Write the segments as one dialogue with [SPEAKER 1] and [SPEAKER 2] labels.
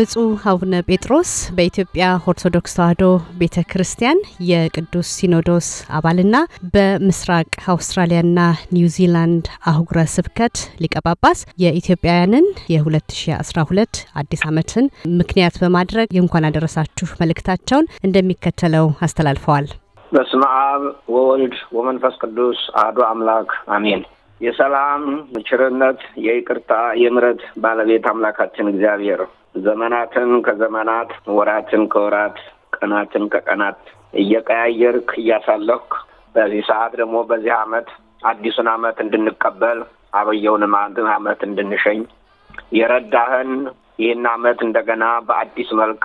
[SPEAKER 1] ብፁዕ አቡነ ጴጥሮስ በኢትዮጵያ ኦርቶዶክስ ተዋሕዶ ቤተ ክርስቲያን የቅዱስ ሲኖዶስ አባልና በምስራቅ አውስትራሊያና ኒውዚላንድ አህጉረ ስብከት ሊቀጳጳስ የኢትዮጵያውያንን የ2012 አዲስ ዓመትን ምክንያት በማድረግ የእንኳን አደረሳችሁ መልእክታቸውን እንደሚከተለው አስተላልፈዋል። በስመ አብ ወወልድ ወመንፈስ ቅዱስ አህዶ አምላክ አሜን። የሰላም ችርነት የይቅርታ፣ የምረት ባለቤት አምላካችን እግዚአብሔር ዘመናትን ከዘመናት ወራትን ከወራት ቀናትን ከቀናት እየቀያየርክ እያሳለፍክ በዚህ ሰዓት ደግሞ በዚህ አመት አዲሱን አመት እንድንቀበል አብየውንም አንድን አመት እንድንሸኝ የረዳህን ይህን አመት እንደገና በአዲስ መልክ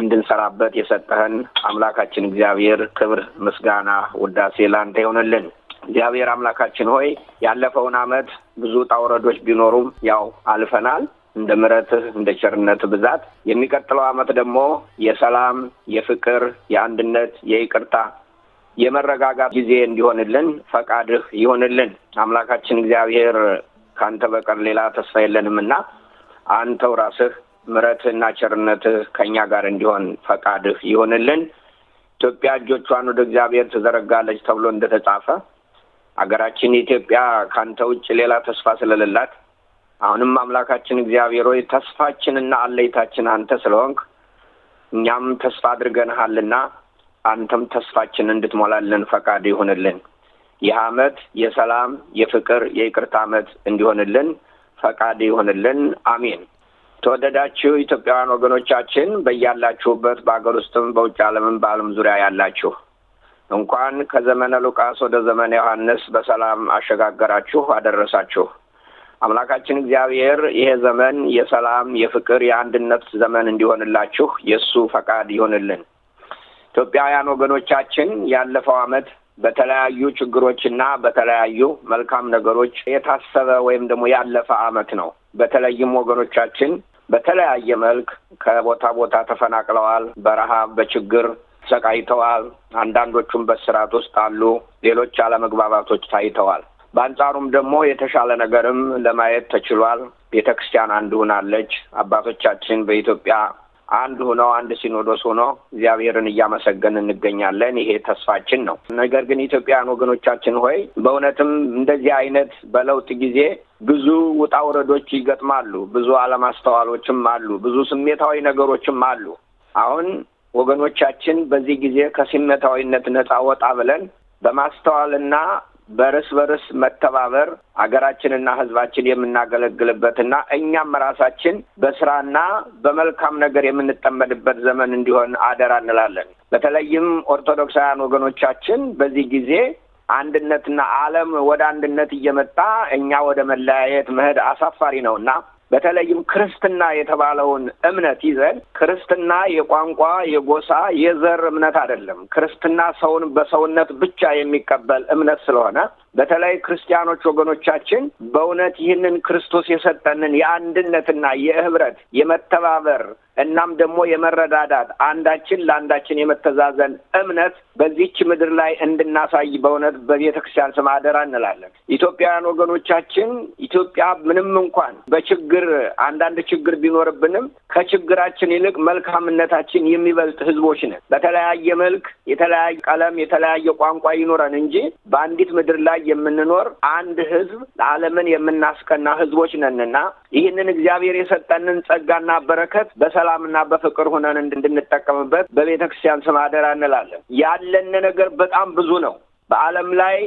[SPEAKER 1] እንድንሰራበት የሰጠህን አምላካችን እግዚአብሔር ክብር፣ ምስጋና፣ ውዳሴ ላንተ ይሆንልን። እግዚአብሔር አምላካችን ሆይ ያለፈውን አመት ብዙ ጣውረዶች ቢኖሩም ያው አልፈናል። እንደ ምረትህ እንደ ቸርነት ብዛት የሚቀጥለው ዓመት ደግሞ የሰላም፣ የፍቅር፣ የአንድነት፣ የይቅርታ፣ የመረጋጋት ጊዜ እንዲሆንልን ፈቃድህ ይሆንልን። አምላካችን እግዚአብሔር ከአንተ በቀር ሌላ ተስፋ የለንም እና አንተው ራስህ ምረትህና ቸርነትህ ከእኛ ጋር እንዲሆን ፈቃድህ ይሆንልን። ኢትዮጵያ እጆቿን ወደ እግዚአብሔር ትዘረጋለች ተብሎ እንደተጻፈ ሀገራችን ኢትዮጵያ ከአንተ ውጭ ሌላ ተስፋ ስለሌላት አሁንም አምላካችን እግዚአብሔር ሆይ ተስፋችንና አለይታችን አንተ ስለሆንክ እኛም ተስፋ አድርገንሃልና አንተም ተስፋችን እንድትሞላልን ፈቃድ ይሁንልን። ይህ አመት የሰላም የፍቅር፣ የይቅርታ አመት እንዲሆንልን ፈቃድ ይሁንልን። አሜን። ተወደዳችሁ ኢትዮጵያውያን ወገኖቻችን በያላችሁበት በአገር ውስጥም በውጭ ዓለምም በዓለም ዙሪያ ያላችሁ እንኳን ከዘመነ ሉቃስ ወደ ዘመነ ዮሐንስ በሰላም አሸጋገራችሁ አደረሳችሁ። አምላካችን እግዚአብሔር ይሄ ዘመን የሰላም፣ የፍቅር፣ የአንድነት ዘመን እንዲሆንላችሁ የእሱ ፈቃድ ይሆንልን። ኢትዮጵያውያን ወገኖቻችን ያለፈው አመት በተለያዩ ችግሮችና በተለያዩ መልካም ነገሮች የታሰበ ወይም ደግሞ ያለፈ አመት ነው። በተለይም ወገኖቻችን በተለያየ መልክ ከቦታ ቦታ ተፈናቅለዋል። በረሃብ በችግር ሰቃይተዋል። አንዳንዶቹም በስርዓት ውስጥ አሉ። ሌሎች አለመግባባቶች ታይተዋል። በአንጻሩም ደግሞ የተሻለ ነገርም ለማየት ተችሏል። ቤተ ክርስቲያን አንድ ሆናለች። አባቶቻችን በኢትዮጵያ አንድ ሆነው አንድ ሲኖዶስ ሆኖ እግዚአብሔርን እያመሰገን እንገኛለን። ይሄ ተስፋችን ነው። ነገር ግን ኢትዮጵያውያን ወገኖቻችን ሆይ በእውነትም እንደዚህ አይነት በለውጥ ጊዜ ብዙ ውጣ ውረዶች ይገጥማሉ። ብዙ አለማስተዋሎችም አሉ። ብዙ ስሜታዊ ነገሮችም አሉ። አሁን ወገኖቻችን በዚህ ጊዜ ከስሜታዊነት ነፃ ወጣ ብለን በማስተዋልና በርስ በርስ መተባበር አገራችንና ህዝባችን የምናገለግልበትና እኛም ራሳችን በስራና በመልካም ነገር የምንጠመድበት ዘመን እንዲሆን አደራ እንላለን። በተለይም ኦርቶዶክሳውያን ወገኖቻችን በዚህ ጊዜ አንድነትና ዓለም ወደ አንድነት እየመጣ እኛ ወደ መለያየት መሄድ አሳፋሪ ነው እና በተለይም ክርስትና የተባለውን እምነት ይዘን ክርስትና የቋንቋ፣ የጎሳ፣ የዘር እምነት አይደለም። ክርስትና ሰውን በሰውነት ብቻ የሚቀበል እምነት ስለሆነ በተለይ ክርስቲያኖች ወገኖቻችን በእውነት ይህንን ክርስቶስ የሰጠንን የአንድነትና የህብረት የመተባበር እናም ደግሞ የመረዳዳት አንዳችን ለአንዳችን የመተዛዘን እምነት በዚች ምድር ላይ እንድናሳይ በእውነት በቤተ ክርስቲያን ስም አደራ እንላለን። ኢትዮጵያውያን ወገኖቻችን ኢትዮጵያ ምንም እንኳን በችግር አንዳንድ ችግር ቢኖርብንም ከችግራችን ይልቅ መልካምነታችን የሚበልጥ ህዝቦች ነን። በተለያየ መልክ የተለያየ ቀለም፣ የተለያየ ቋንቋ ይኖረን እንጂ በአንዲት ምድር ላይ የምንኖር አንድ ህዝብ ለዓለምን የምናስቀና ህዝቦች ነንና ይህንን እግዚአብሔር የሰጠንን ጸጋና በረከት በሰላምና በፍቅር ሆነን እንድንጠቀምበት በቤተ ክርስቲያን ስም አደራ እንላለን። ያለን ነገር በጣም ብዙ ነው። በዓለም ላይ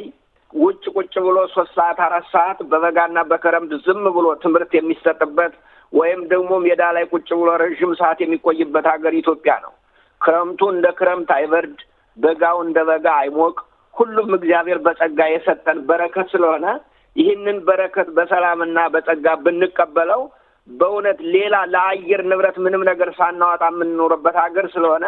[SPEAKER 1] ውጭ ቁጭ ብሎ ሶስት ሰዓት አራት ሰዓት በበጋና በክረምት ዝም ብሎ ትምህርት የሚሰጥበት ወይም ደግሞ ሜዳ ላይ ቁጭ ብሎ ረዥም ሰዓት የሚቆይበት ሀገር ኢትዮጵያ ነው። ክረምቱ እንደ ክረምት አይበርድ፣ በጋው እንደ በጋ አይሞቅ፣ ሁሉም እግዚአብሔር በጸጋ የሰጠን በረከት ስለሆነ ይህንን በረከት በሰላምና በጸጋ ብንቀበለው በእውነት ሌላ ለአየር ንብረት ምንም ነገር ሳናወጣ የምንኖርበት ሀገር ስለሆነ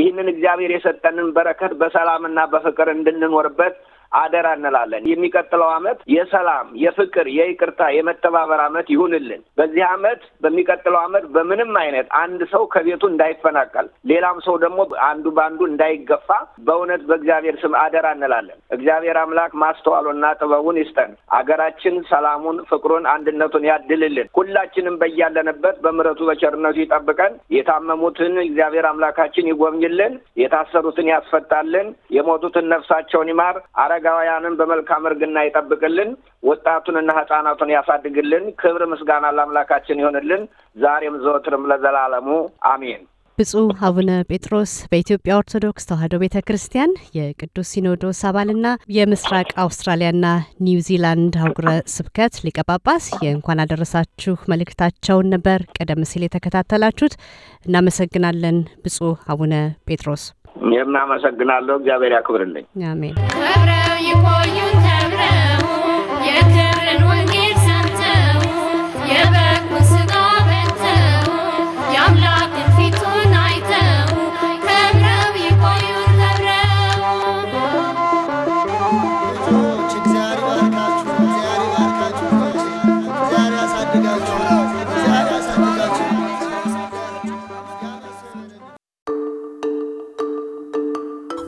[SPEAKER 1] ይህንን እግዚአብሔር የሰጠንን በረከት በሰላምና በፍቅር እንድንኖርበት አደራ እንላለን። የሚቀጥለው አመት የሰላም፣ የፍቅር፣ የይቅርታ፣ የመተባበር አመት ይሁንልን። በዚህ አመት በሚቀጥለው አመት በምንም አይነት አንድ ሰው ከቤቱ እንዳይፈናቀል፣ ሌላም ሰው ደግሞ አንዱ በአንዱ እንዳይገፋ በእውነት በእግዚአብሔር ስም አደራ እንላለን። እግዚአብሔር አምላክ ማስተዋሉና ጥበቡን ይስጠን። አገራችን ሰላሙን፣ ፍቅሩን፣ አንድነቱን ያድልልን። ሁላችንም በያለንበት በምረቱ በቸርነቱ ይጠብቀን። የታመሙትን እግዚአብሔር አምላካችን ይጎብኝልን። የታሰሩትን ያስፈታልን። የሞቱትን ነፍሳቸውን ይማር። አረጋውያንን በመልካም እርግና ይጠብቅልን፣ ወጣቱንና ህጻናቱን ያሳድግልን። ክብር ምስጋና ለአምላካችን ይሆንልን፣ ዛሬም ዘወትርም ለዘላለሙ አሜን። ብፁዕ አቡነ ጴጥሮስ በኢትዮጵያ ኦርቶዶክስ ተዋሕዶ ቤተ ክርስቲያን የቅዱስ ሲኖዶስ አባልና የምስራቅ አውስትራሊያና ኒውዚላንድ አህጉረ ስብከት ሊቀ ጳጳስ የእንኳን አደረሳችሁ መልእክታቸውን ነበር ቀደም ሲል የተከታተላችሁት። እናመሰግናለን ብፁዕ አቡነ ጴጥሮስ። ይህም አመሰግናለሁ። እግዚአብሔር ያክብርልኝ። አሜን።